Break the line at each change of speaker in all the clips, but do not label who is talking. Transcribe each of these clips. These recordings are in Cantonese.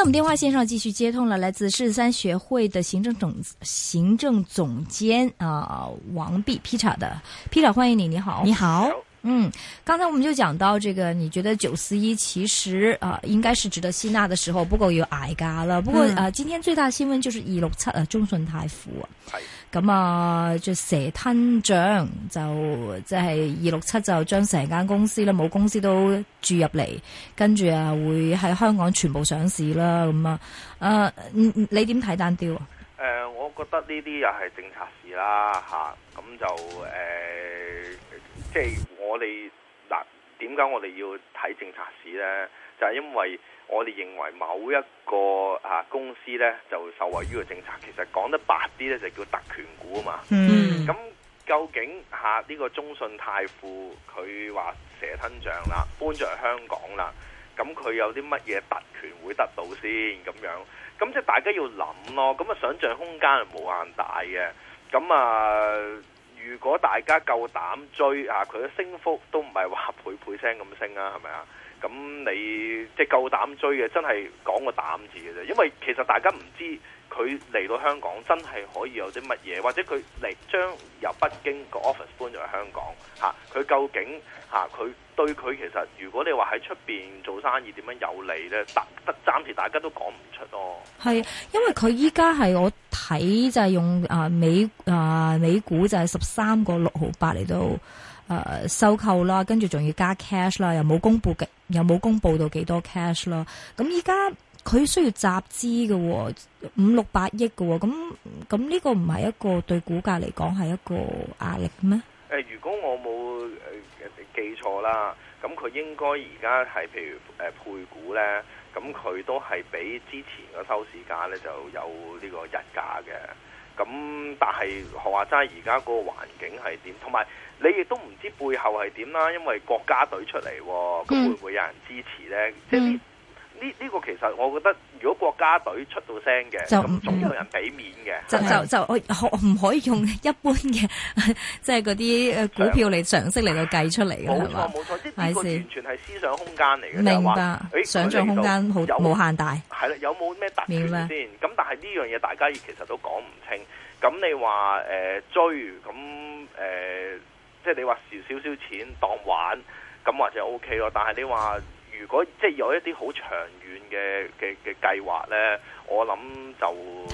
那我們電話線上繼續接通了來自獅子山學會的行政總行政總監啊、呃、王弼皮查的皮查，TA，歡迎你，你好，你好。嗯，剛才我們就講到，這個你覺得九四一其實啊、呃，應該是值得吸納的時候，不過要捱價噶啦。不過，不過、嗯、啊，今天最大新聞就是二六七啊，中信泰富是、嗯、啊，咁啊就蛇吞象，就即係二六七就將成間公司啦，母公司都注入嚟，跟住啊會喺香港全部上市啦咁、嗯、啊。誒、嗯，你點睇單調啊？誒、
呃，我覺得呢啲又係政策事啦吓，咁、啊、就誒。呃即係我哋嗱，點解我哋要睇政策市呢？就係因為我哋認為某一個啊公司呢，就受惠於個政策，其實講得白啲呢，就叫特權股啊嘛。嗯。咁究竟吓呢個中信泰富佢話蛇吞象啦，搬咗去香港啦，咁佢有啲乜嘢特權會得到先？咁樣咁即係大家要諗咯。咁啊，想像空間係無限大嘅。咁啊。如果大家夠膽追啊，佢嘅升幅都唔係話倍倍聲咁升啊，係咪啊？咁你即係夠膽追嘅，真係講個膽字嘅啫。因為其實大家唔知佢嚟到香港真係可以有啲乜嘢，或者佢嚟將由北京個 office 搬咗去香港佢、啊、究竟佢、啊、對佢其實如果你話喺出面做生意點樣有利呢？得得暫時大家都講唔出咯、啊。
係因為佢依家係我睇就係用美啊美啊美股就係十三個六毫八嚟到。誒、uh, 收購啦，跟住仲要加 cash 啦，又冇公布嘅，又冇公布到幾多 cash 啦。咁依家佢需要集資嘅、哦，五六百億嘅、哦，咁咁呢個唔係一個對股價嚟講係一個壓力咩、
呃？如果我冇誒、呃、記錯啦，咁佢應該而家係譬如、呃、配股咧，咁佢都係比之前嘅收市價咧就有呢個日價嘅。咁但係何話齋，而家個環境係點，同埋。你亦都唔知背後係點啦，因為國家隊出嚟，咁會唔會有人支持咧？即係呢呢個其實，我覺得如果國家隊出到聲嘅，咁總有人俾面嘅。就就就
我唔可以用一般嘅，即係嗰啲股票嚟常識嚟到計出嚟。冇錯冇錯，呢呢個完
全係思想空間嚟嘅，你話想像空間好無限大。係啦，有冇咩特別先？咁但係呢樣嘢大家其實都講唔清。咁你話誒追咁誒即係你話蝕少少錢當玩咁或者 O K 咯，但係你話如果即係、就是、有一啲好長遠嘅嘅嘅計劃咧，我諗就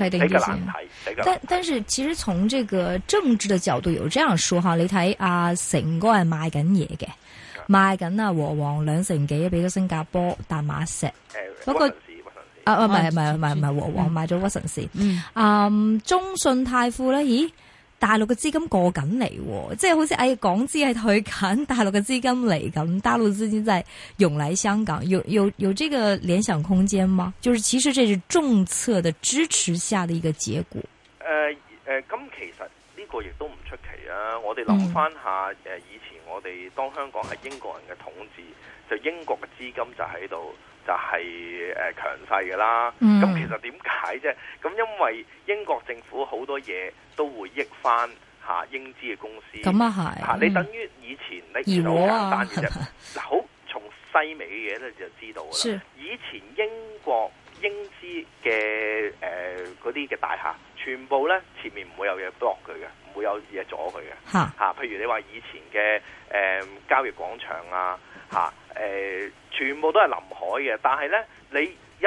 睇定難、就、睇、是。但
但是其實從這個政治的角度有這樣說吓，你睇阿、啊、誠哥係賣緊嘢嘅，嗯、賣緊啊和黃兩成幾俾咗新加坡淡馬錫。欸、不屈過啊啊唔係唔係唔係唔係和黃賣咗屈臣氏。嗯，中信泰富咧，咦？大陸嘅資金過緊嚟，即係好似誒、哎、港資係退緊，大陸嘅資金嚟咁，大陸資金真係湧嚟香港，有有有這個聯想空間嗎？就是、其實這是政策的支持下的一個結果。
誒誒、呃，咁、呃、其實呢個亦都唔出奇啊！我哋諗翻下誒以前我哋當香港係英國人嘅統治，就英國嘅資金就喺度。就係誒強勢嘅啦，咁、嗯、其實點解啫？咁因為英國政府好多嘢都會益翻嚇英資嘅公司，咁啊係嚇你，等於以前你就好簡單嘅啫。嗱、啊，好從西美嘅嘢咧就知道啦。是以前英國英資嘅誒嗰啲嘅大廈，全部咧前面唔會有嘢 block 佢嘅。會有嘢阻佢嘅，吓，譬如你話以前嘅、誒、呃、交易廣場啊，吓、呃，誒全部都係臨海嘅，但係咧你一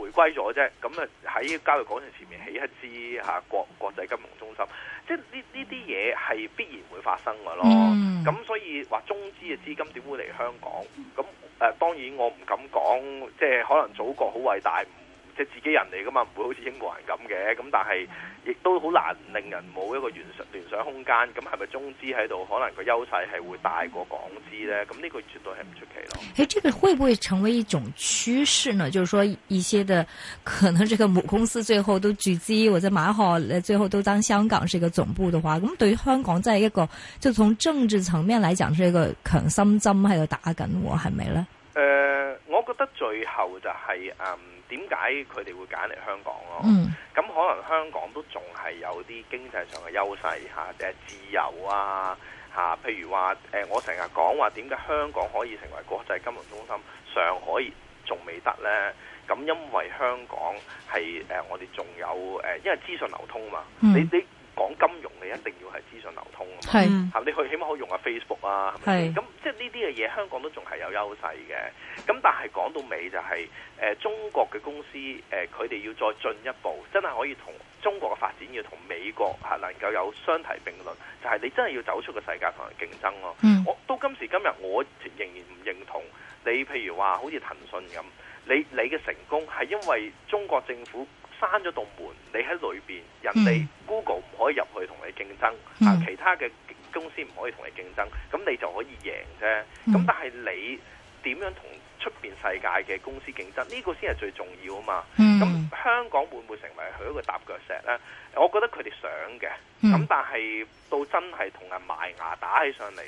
回歸咗啫，咁啊喺交易廣場前面起一支吓、啊、國國際金融中心，即係呢呢啲嘢係必然會發生嘅咯，咁所以話中資嘅資金點會嚟香港？咁誒、呃，當然我唔敢講，即係可能祖國好偉大。即係自己人嚟噶嘛，唔會好似英國人咁嘅，咁但係亦都好難令人冇一個聯想聯想空間。咁係咪中資喺度，可能個優勢係會大過港資咧？咁呢個絕對係唔出奇咯。誒、
哎，這個會唔會成為一種趨勢呢？ 就係說，一些的可能，呢個母公司最後都注資或者買好，馬最後都當香港係一個總部嘅話，咁對於香港，真係一個就從政治層面嚟講，係一個強心針喺度打緊喎，係咪咧？
誒。呃我覺得最後就係，誒，點解佢哋會揀嚟香港咯？咁、mm. 可能香港都仲係有啲經濟上嘅優勢嚇，誒、啊、自由啊嚇、啊，譬如話誒、呃，我成日講話點解香港可以成為國際金融中心，上海仲未得呢？咁因為香港係誒、呃、我哋仲有誒，因為資訊流通嘛，你、mm. 你。你講金融你一定要係資訊流通，㗎嘛的你去起碼可以用下 Facebook 啊，咁的即係呢啲嘅嘢香港都仲係有優勢嘅。咁但係講到尾就係、是呃、中國嘅公司誒，佢、呃、哋要再進一步，真係可以同中國嘅發展要同美國、啊、能夠有相提並論，就係、是、你真係要走出個世界同人競爭咯、啊。嗯、我到今時今日我仍然唔認同你、你，譬如話好似騰訊咁，你你嘅成功係因為中國政府。閂咗道門，你喺裏面，人哋、嗯、Google 唔可以入去同你競爭，啊、嗯，其他嘅公司唔可以同你競爭，咁你就可以贏啫。咁、嗯、但係你點樣同出面世界嘅公司競爭？呢、呢個先係最重要啊嘛。咁、嗯、香港會唔會成為佢一個踏腳石呢？我覺得佢哋想嘅，咁、嗯、但係到真係同人埋牙打起上嚟。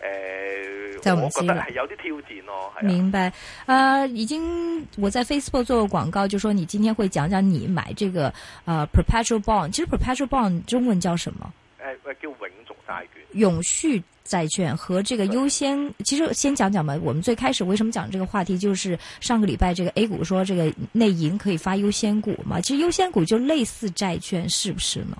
誒，呃、以我覺得係有啲挑戰咯。明白，
的呃已經我在 Facebook 做過廣告，就說你今天會講講你買這個，呃 perpetual bond。其實 perpetual bond 中文叫什麼？誒、呃，叫
永續債券。永
續債券和這個優先，其實先講講嘛。我們最開始為什麼講這個話題，就是上個禮拜這個 A 股說這個內銀可以發優先股嘛。其實優先股就類似債券，是不是呢？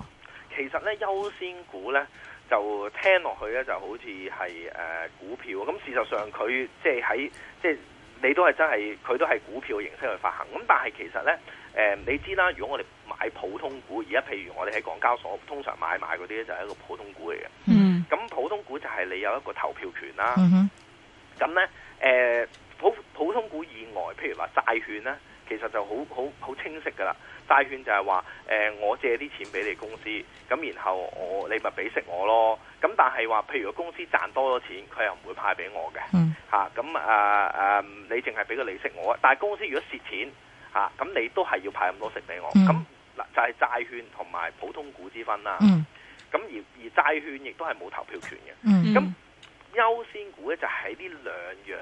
其實
呢優先股呢就聽落去咧，就好似係誒股票咁。事實上他，佢即係喺即係你都係真係，佢都係股票形式去發行。咁但係其實咧，誒、呃、你知啦，如果我哋買普通股，而家譬如我哋喺港交所通常買賣嗰啲咧，就係一個普通股嚟嘅。嗯，咁普通股就係你有一個投票權啦。
嗯
哼，咁咧誒普普通股以外，譬如話債券咧。其實就好好好清晰噶啦，債券就係話，誒、呃、我借啲錢俾你公司，咁然後我你咪俾息我咯。咁但係話，譬如個公司賺多咗錢，佢又唔會派俾我嘅。嗯。咁啊啊，啊，你淨係俾個利息我。但係公司如果蝕錢，嚇、啊，咁你都係要派咁多息俾我。咁嗱、嗯，就係債券同埋普通股之分啦、啊。嗯。咁而而債券亦都係冇投票權嘅。嗯，嗯。咁優先股咧就喺呢兩樣。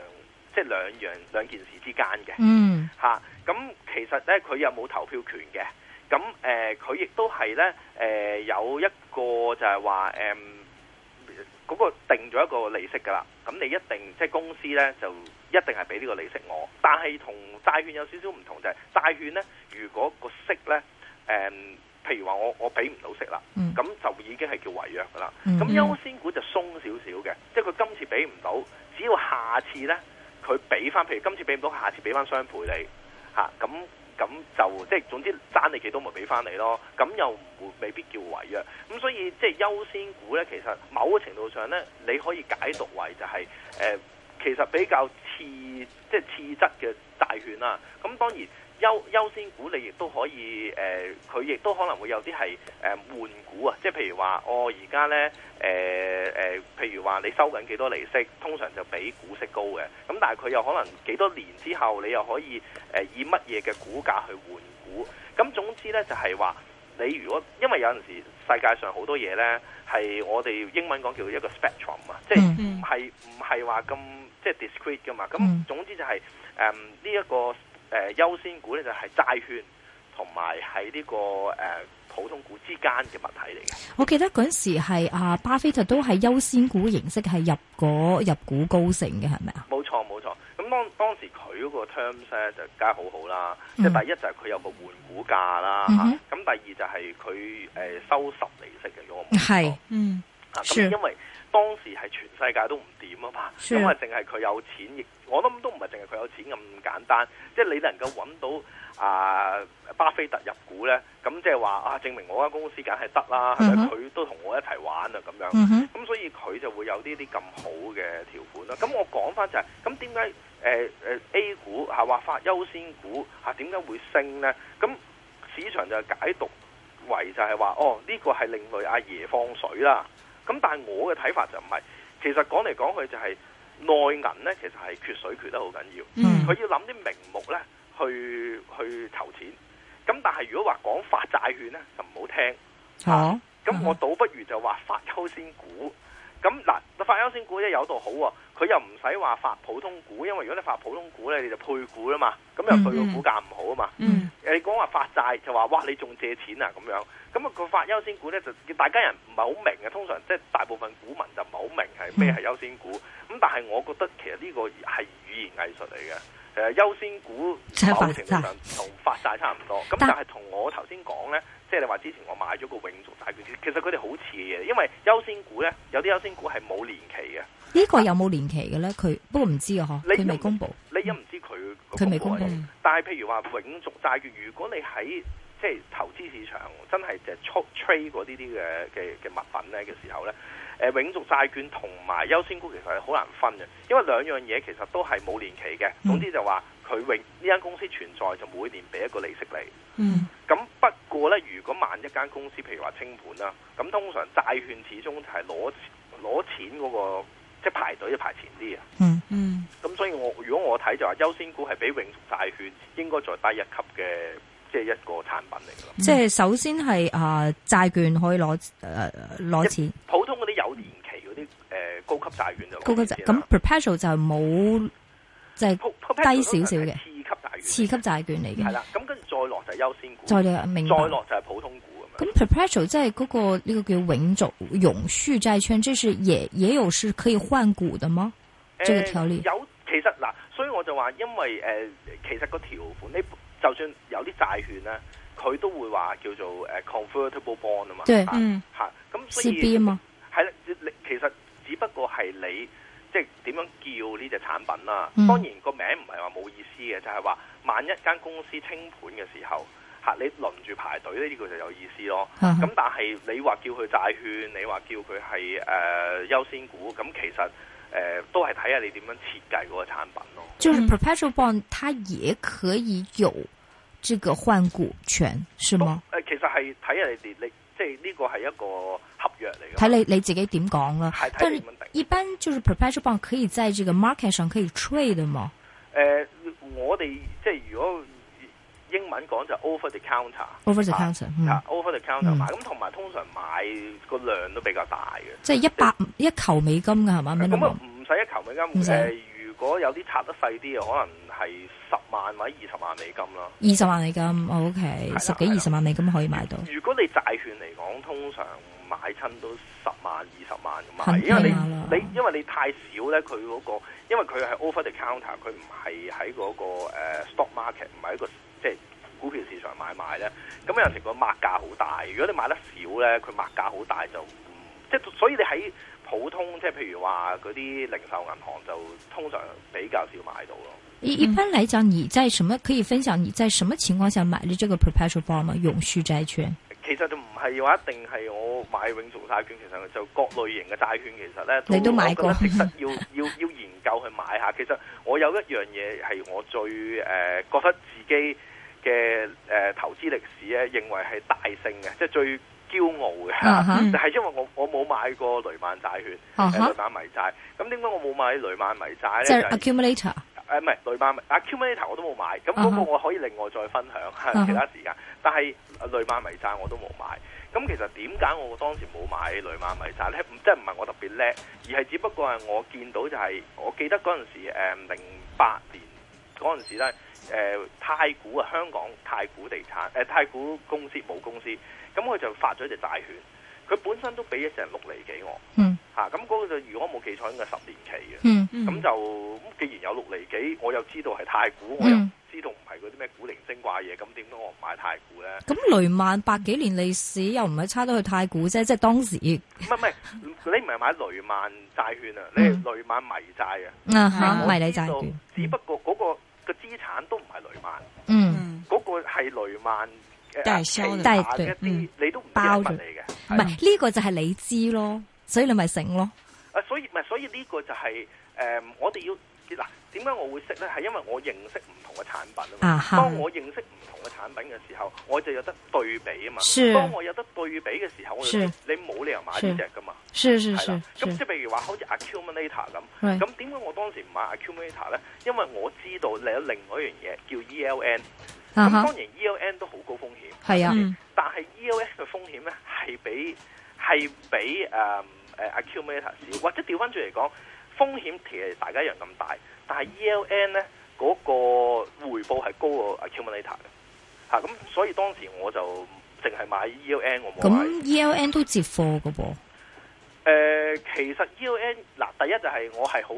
即係兩樣兩件事之間嘅，嚇咁、嗯啊、其實咧，佢有冇投票權嘅？咁誒，佢、呃、亦都係咧誒有一個就係話誒嗰個定咗一個利息㗎啦。咁你一定即係公司咧就一定係俾呢個利息我，但係同債券有少少唔同，就係、是、債券咧，如果個息咧誒、呃，譬如話我我俾唔到息啦，咁、嗯、就已經係叫違約㗎啦。咁、嗯、優先股就鬆少少嘅，嗯、即係佢今次俾唔到，只要下次咧。佢俾翻，譬如今次俾唔到，下次俾翻雙倍、啊、你，你，嚇咁咁就即係總之爭你幾多咪俾翻你咯，咁又唔會未必叫違約，咁所以即係、就是、優先股咧，其實某個程度上咧，你可以解讀為就係、是、誒、呃，其實比較次即係、就是、次質嘅債券啦，咁當然。優優先股你亦都可以誒，佢、呃、亦都可能會有啲係誒換股啊，即係譬如話，我而家呢，誒、呃、誒、呃，譬如話你收緊幾多利息，通常就比股息高嘅。咁但係佢又可能幾多年之後，你又可以誒、呃、以乜嘢嘅股價去換股。咁總之呢，就係、係、話你如果因為有陣時世界上好多嘢呢，係我哋英文講叫做一個 spectrum 啊、mm，hmm. 即係係唔係話咁即係 discrete 噶嘛？咁總之就係誒呢一個。誒、呃，優先股咧就係債券同埋喺呢個誒、呃、普通股之間嘅物體嚟嘅。
我記得嗰陣時係啊巴菲特都係優先股形式係入入股高盛嘅，係咪
啊？冇錯冇錯，咁當當時佢嗰個 terms 咧就梗係好好啦。嗯、即係第一就係佢有冇換股價啦咁、嗯、哼第二就係佢誒收十釐息嘅咁樣。係
嗯，啊 sure. 咁因為。
當時係全世界都唔掂啊嘛，咁啊淨係佢有錢，亦我諗都唔係淨係佢有錢咁簡單。即、就、係、是、你能夠揾到啊巴菲特入股呢。咁即係話啊，證明我間公司梗係得啦，係咪佢都同我一齊玩啊咁樣？咁、嗯、哼所以佢就會有呢啲咁好嘅條款啦。咁我講翻就係、是，咁點解誒誒 A 股係話發、啊、發優先股啊點解會升呢？咁市場就解讀為就係話，哦呢、這個係另類阿爺放水啦。咁但係我嘅睇法就唔係，其實講嚟講去就係、是、內銀咧，其實係缺水缺得好緊要。佢、嗯、要諗啲名目咧，去去籌錢。咁但係如果話講發債券咧，就唔好聽。
啊！
咁、啊啊、我倒不如就話發優先股。咁嗱，發優先股咧有度好喎、啊，佢又唔使話發普通股，因為如果你發普通股咧，你就配股啊嘛，咁又佢個股價唔好啊嘛。誒、嗯，嗯、你講話發債就話哇，你仲借錢啊咁樣？咁啊，嗯、嗰個發優先股咧就大家人唔係好明嘅，通常即係、就是、大部分股民就唔係好明係咩係優先股。咁、嗯、但係我覺得其實呢個係語言藝術嚟嘅。誒、呃，優先股講嘅成分同發債差唔多。咁但係同我頭先講咧，即係你話之前我買咗個永續債券，其實佢哋好似嘅嘢，因為優先股咧有啲優先股係冇年期嘅。
呢但個有冇年期嘅咧？佢不過唔知啊，佢未公布。
你因唔知佢公，但係譬如話永續債券，如果你喺即係投資市場真係就係出 trade 嗰啲啲嘅嘅嘅物品咧嘅時候咧，誒永續債券同埋優先股其實係好難分嘅，因為兩樣嘢其實都係冇年期嘅。嗯、總之就話佢永呢間公司存在就每年俾一個利息你。嗯。咁不過咧，如果萬一間公司譬如話清盤啦，咁通常債券始終就係攞攞錢嗰、嗰個即係排隊就排前啲啊、嗯。嗯嗯。咁所以我如果我睇就話優先股係比永續債券應該再低一級嘅。即係一個產品嚟嘅。
即係、嗯、首先係啊，債、呃、券可以攞誒攞錢。
普通嗰啲有年期嗰啲誒高級債券就。高級咁
perpetual 就冇即係低少少嘅次級債券。次級債券嚟嘅。係啦、嗯，咁
跟住再落就係優先股。再落明。再落就係普通股咁。咁 perpetual
即係嗰、那個呢、這個叫永續永續債券，這是也也有是可以換股的嗎？
誒、呃，個有。其實嗱，所以我就話，因為誒、呃，其實那個條款就算有啲債券咧，佢都會話叫做誒 convertible bond 啊嘛。對啊嗯，
嚇、嗯，咁所以
係啦，你 BM 其實只不過係你即係點樣叫呢隻產品啦。嗯、當然個名唔係話冇意思嘅，就係、是、話萬一間公司清盤嘅時候嚇、啊，你輪住排隊呢啲，佢、這個、就有意思咯。咁、嗯、哼但係你話叫佢債券，你話叫佢係誒優先股，咁、嗯、其實。誒、呃，都係睇下你點樣設計嗰個產品咯。就是
perpetual bond，它也可以有這個換股權，是嗎？
誒，其實係睇下你你，你，即係呢個係一個合約嚟嘅。睇你你自己
點講啦。係睇你一般就是 perpetual bond 可以在這個 market 上可以 trade 嘅嘛。誒、
呃，我哋即係如果。英文講就 over the counter，over the counter，啊，over the counter 買，咁同埋通常買個量都比較大嘅，即係
一百一球美金嘅係嘛？咁啊，唔
使一球美金，誒，如果有啲拆得細啲嘅，可能係十萬或者二十萬美金囉，二十萬美
金，OK，十幾二十萬美金可以買到。
如果你債券嚟講，通常買親都十萬二十萬咁啊，因為你你因為你太少咧，佢嗰個，因為佢係 over the counter，佢唔係喺嗰個 stock market，唔係一個。即係股票市場買賣咧，咁有時佢買價好大，如果你買得少咧，佢買價好大就、嗯、即係，所以你喺普通即係譬如話嗰啲零售銀行就通常比較少買到咯。一一般
嚟講，你在什麼可以分享？你在什麼情況下買呢？這個 perpetual bond 啊，永續債券。
其實就唔係話一定係我買永續債券，其實就各類型嘅債券其實咧。都你都買過，其實要 要要，要研究去買一下。其實我有一樣嘢係我最誒、呃、覺得自己。嘅誒、呃、投資歷史咧，認為係大勝嘅，即係最驕傲嘅、uh huh. 就係因為我我冇買過雷曼債券、uh huh. 呃，雷曼迷債。咁點解我冇買雷曼迷債咧？阿係
Accumulator
誒唔係雷曼 Accumulator 我都冇買。咁嗰個我可以另外再分享、uh huh. 啊、其他時間。但係雷曼迷債我都冇買。咁其實點解我當時冇買雷曼迷債咧？即係唔係我特別叻，而係只不過係我見到就係、是，我記得嗰陣時零八、呃、年嗰陣時咧。誒、呃、太古啊，香港太古地產誒、呃、太古公司母公司，咁佢就發咗隻債券，佢本身都俾咗成六厘幾我，嚇咁嗰個就如果我冇記錯應該十年期嘅，咁、嗯嗯、就既然有六厘幾，我又知道係太古，嗯、我又知道唔係嗰啲咩古靈精怪嘢，咁點解我唔買太古咧？咁
雷曼百幾年歷史又唔係差得去太古啫，即係當時
唔係唔係，你唔係買雷曼債券啊，嗯、你係雷曼迷你債啊，啊係迷你債券只不過嗰、那個嗯個資產都唔係雷曼，嗯，嗰個係雷曼誒旗下一啲，企嗯、你都唔包咗嚟嘅，唔係呢
個就係你知咯，所以你咪成咯。
啊，所以唔係，所以呢個就係誒，我哋要嗱點解我會識咧？係因為我認識唔同嘅產品啊嘛。當我認識唔同嘅產品嘅時候，我就有得對比啊嘛。當我有得對比嘅時候，我你冇理由買呢隻㗎嘛。係係啦。咁即係譬如話，好似 accumulator 咁。咁點解我當時唔買 accumulator 咧？因為我知道你有另外一樣嘢叫 ELN。咁當然 ELN 都好高風險。係啊。但係 ELN 嘅風險咧，係比係比誒，誒、呃、accumulator 少，或者調翻轉嚟講，風險其實係大家一樣咁大，但係 E L N 咧嗰、嗰個回報係高過 accumulator 嘅，嚇、啊、咁所以當時我就淨係買 E L N，我冇買。
咁 E L N 都接貨嘅噃？
誒、呃，其實 E L N 嗱，第一就係我係好。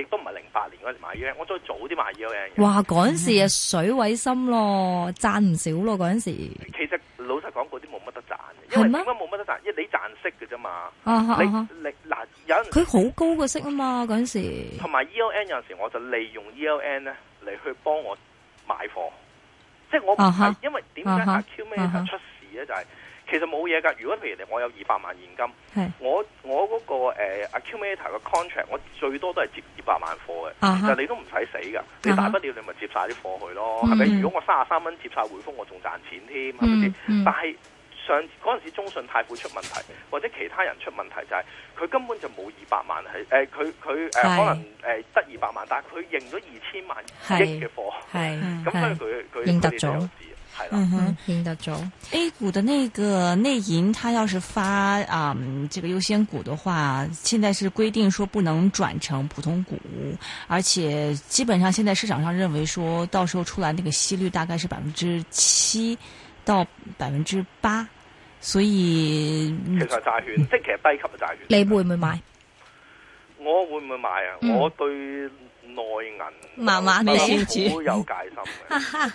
亦都唔係零八年嗰陣買 E L N，我再早啲買 E L N。話嗰陣
時啊，水位深咯，賺唔少咯。嗰陣時
其實老實講，嗰啲冇乜得賺，因為點解冇乜得賺？因為你賺息嘅啫嗎嘛。你嗱有人佢
好高個息啊嘛，嗰陣時。同
埋 E L N 有陣時，我就利用 E L N 咧嚟去幫我買貨，即係我唔係，因為點解阿 Q 妹係出事咧？就係、啊。其實冇嘢㗎，如果譬如嚟，我有二百萬現金，我我嗰個 accumulator 嘅 contract，我最多都係接二百萬貨嘅，其實你都唔使死㗎，你大不了你咪接晒啲貨去咯，係咪？如果我三十三蚊接晒匯豐，我仲賺錢添，係咪先？但係上嗰陣時中信泰富出問題，或者其他人出問題，就係佢根本就冇二百萬係，誒，佢佢誒可能誒得二百萬，但係佢認咗二千萬億嘅貨，係咁樣佢佢認得係啦嗯哼，
贏得咗。A 股的那個內銀，它要是發啊、um, 這個優先股的話，現在是規定說不能轉成普通股，而且基本上現在市場上認為說到時候出來那個息率大概是百分之七到百分之八，
所以其實債券，嗯、即其實低級的債券，你會唔會買？我會唔會買啊？嗯、我對。內銀，美股有戒心嘅，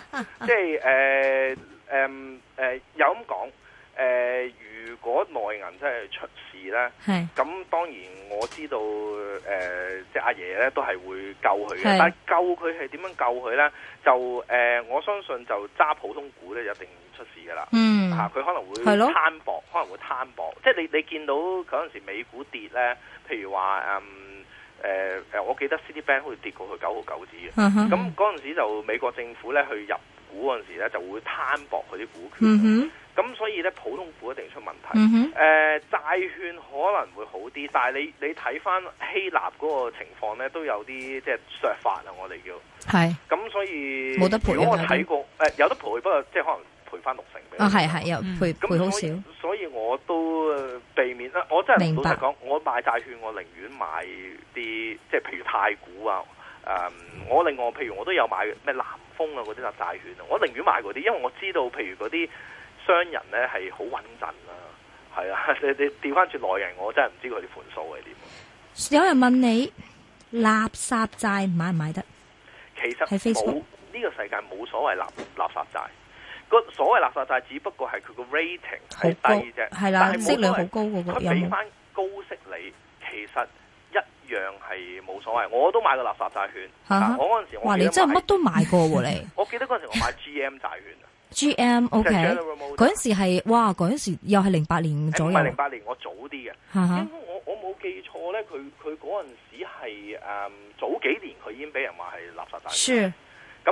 即係誒誒誒，有咁講，誒、呃，如果內銀真係出事咧，係是，咁當然我知道，誒、呃，即係阿爺咧都係會救佢嘅，是但係救佢係點樣救佢咧？就誒、呃，我相信就揸普通股咧，一定出事噶啦。嗯，吓，佢可能會攤薄，可能會攤薄，即係你你見到嗰陣時美股跌咧，譬如話誒。誒誒、呃，我記得 City Bank 好似跌過去九毫九紙嘅，咁嗰陣時候就美國政府咧去入股嗰陣時咧，就會攤薄佢啲股權，咁、uh huh. 所以咧普通股一定出問題。誒、uh huh. 呃、債券可能會好啲，但係你你睇翻希臘嗰個情況咧都有啲即係削法啊，我哋叫係，咁、uh huh. 所以冇得賠。如果我睇過誒、uh huh. 呃、有得賠，不過即係可能。賠翻六成俾啊，係係又賠賠好少，所以我都避免啦。嗯、我真係明白。老實講，我買債券，我寧願買啲即係譬如太古啊，誒、嗯，我另外譬如我都有買咩南豐啊嗰啲笪債券，我寧願買嗰啲，因為我知道譬如嗰啲商人咧係好穩陣啊。係啊，你你調翻轉內人，我真係唔知佢啲盤數係點。
有人問你垃圾債買唔買得？
其實冇呢個世界冇所謂垃垃圾債。個所謂垃圾債只不過係佢個 rating 好低啫，係啦，息率好高嗰佢俾翻高息你，其實一樣係冇所謂。我都買過垃圾債券，啊、哈我嗰陣時我，哇！你真係乜都買過喎、啊、你。 我記得嗰陣時我買 G M 債券啊
，G M OK，嗰陣的 Okay. 時係哇，嗰陣時又係零八年左右。唔係零八
年，我早啲嘅、啊哈。我我冇記錯咧，佢佢嗰陣時係誒、嗯、早幾年，佢已經俾人話係垃圾債券。咁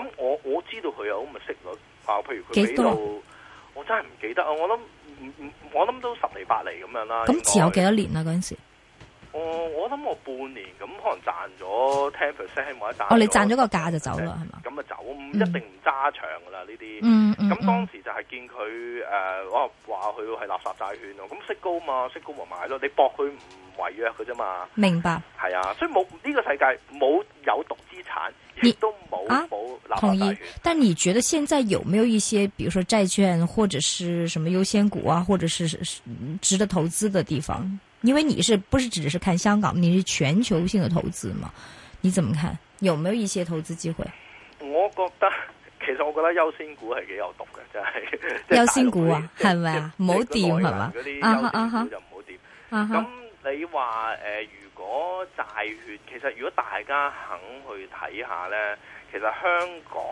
Sure.
我我知道佢有咁嘅息率。啊！譬如佢度少，我真係唔記得啊！我諗我諗都十厘八厘咁樣啦。咁持有幾多年啊？嗰陣時，我諗我半年，咁可能賺咗 ten percent 冇一單。了哦，你賺咗個價就走啦，係嘛？咁咪走，嗯、一定唔揸長㗎啦呢啲。嗯咁、嗯、當時就係見佢誒，話佢係垃圾債券咯，咁息高嘛，息高咪買咯，你搏佢唔？違約嘅啫嘛，明白係啊，所以冇呢個世界冇有毒資產，亦都冇冇統一。同
意，但你覺得現在有沒有一些，比如說債券或者是什麼優先股啊，或者是值得投資的地方？因為你是不是只是看香港，你是全球性的投資嘛？你怎麼看？有沒有一些投資機會？
我覺得其實我覺得優先股係幾有毒嘅，真係優先股啊，係咪、 就是、啊？唔好掂，跌係嘛？啊哈那啊唔好
掂。啊
你話、呃、如果債券其實如果大家肯去睇下咧，其實香港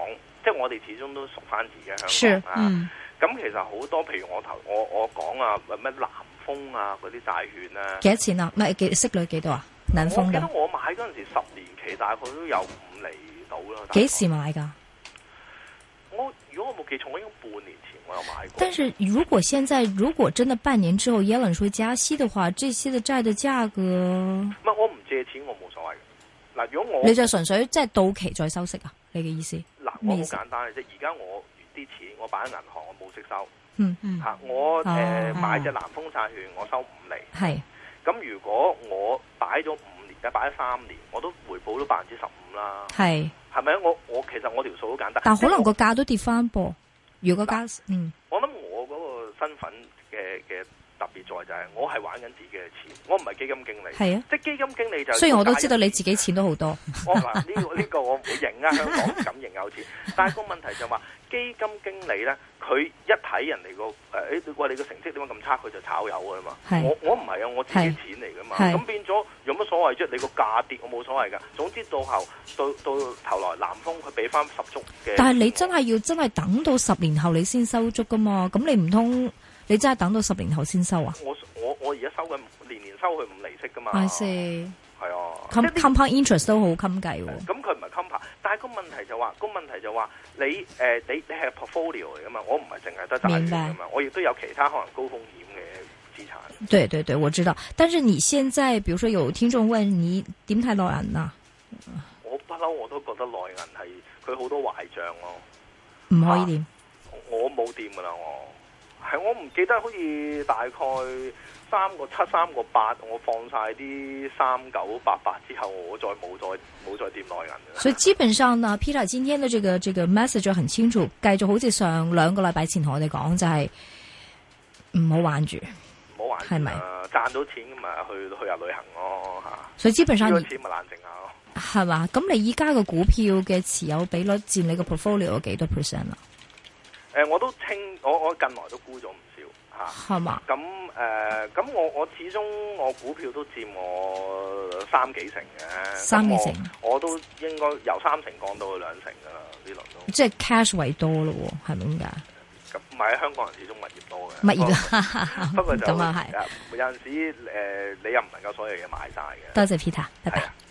即係我哋始終都熟返自己香港啊。咁 Sure .、mm. 其實好多譬如我投我我講啊，乜南風啊嗰啲債券啊，幾多錢啊？唔係息率幾多啊？南風嘅，我記得我買嗰陣時十年期大概都有五厘到啦。幾時買㗎？如果我冇記錯，我應該半年前我有買過。但是
如果現在如果真係半年之後，Yellen 說加息嘅話，這些的債的價格？
乜我唔借錢，我冇所謂。嗱，如果我，你就純粹
即係到期再收息啊？你嘅意思？嗱，我好簡
單嘅啫。而家我啲錢我擺喺銀行，我冇息收。嗯嗯。吓、嗯、啊、我誒、啊、買隻南豐債券，啊、我收五厘。係的。咁如果我擺咗五？而家擺咗三年，我都回報咗百分之十五啦。係，係咪？我我其實我條數好簡單。但可能個價
都跌翻噃。我如果加但嗯，
我諗我嗰個身份嘅嘅。的特別在就係我係玩緊自己嘅錢，我唔係基金經理，係啊，即係基金經理就雖然我都知道你
自己錢都好多，
我嗱呢、呢個呢 個我唔會認啊，香港唔敢認有錢， 但係個問題就係話基金經理咧，佢一睇人哋個誒，哇、哎、你個成績點解咁差，佢就炒魷噶啦嘛，是我我唔係啊，我自己的錢嚟噶嘛，咁變咗有乜所謂啫？你個價跌我冇所謂噶，總之到後到到頭來南方佢俾翻十足嘅，但係你真
係要真係等到十年後你先收足噶嘛？咁你唔通？你真係等到十年後先收啊！我
我我而家收緊年年收佢五利息噶嘛？係 I see. 啊因為，compound
interest 都好襟計喎。咁
佢唔係 compound 但係個問題就話，個問題就話，你誒、呃，你你係 portfolio 嚟噶嘛？我唔係淨係得債券噶嘛，明白。我亦都有其他可能高風險嘅資產。
對對對，我知道。但是你現在，比如說有聽眾問你點睇內銀啦？
我不嬲，我都覺得內銀係佢好多壞賬咯。
唔可以掂、
啊？我冇掂噶啦我。我唔記得好似大概三個七、三個八，我放晒啲三九八八之後，我再冇再冇再掂內銀。所以基本
上呢，Peter 今天嘅、這個、這個 message 很清楚，繼續好似上兩個禮拜前同我哋講，就係唔好玩住，
唔好玩，係咪吧？賺到錢咁咪，去去下旅行咯、哦、吓。所以基本上，啲錢咪冷靜下
咯。係嘛？咁你依家個股票嘅持有比率佔你個 portfolio 有幾多 percent 啦？
誒、呃，我都清，我我近來都沽咗唔少嚇。係、啊、嘛？咁誒嗎，咁我我始終我股票都佔我三幾成嘅。三幾成我？我都應該由三成降到兩成㗎啦，呢
輪都。即係 cash 位多咯喎，係咪咁解？
咁唔係香港人始終物業多嘅。物業，啊、 不過 就咁、嗯、有陣時誒、呃，你又唔能夠所有嘢買晒嘅。多謝 Peter，拜拜。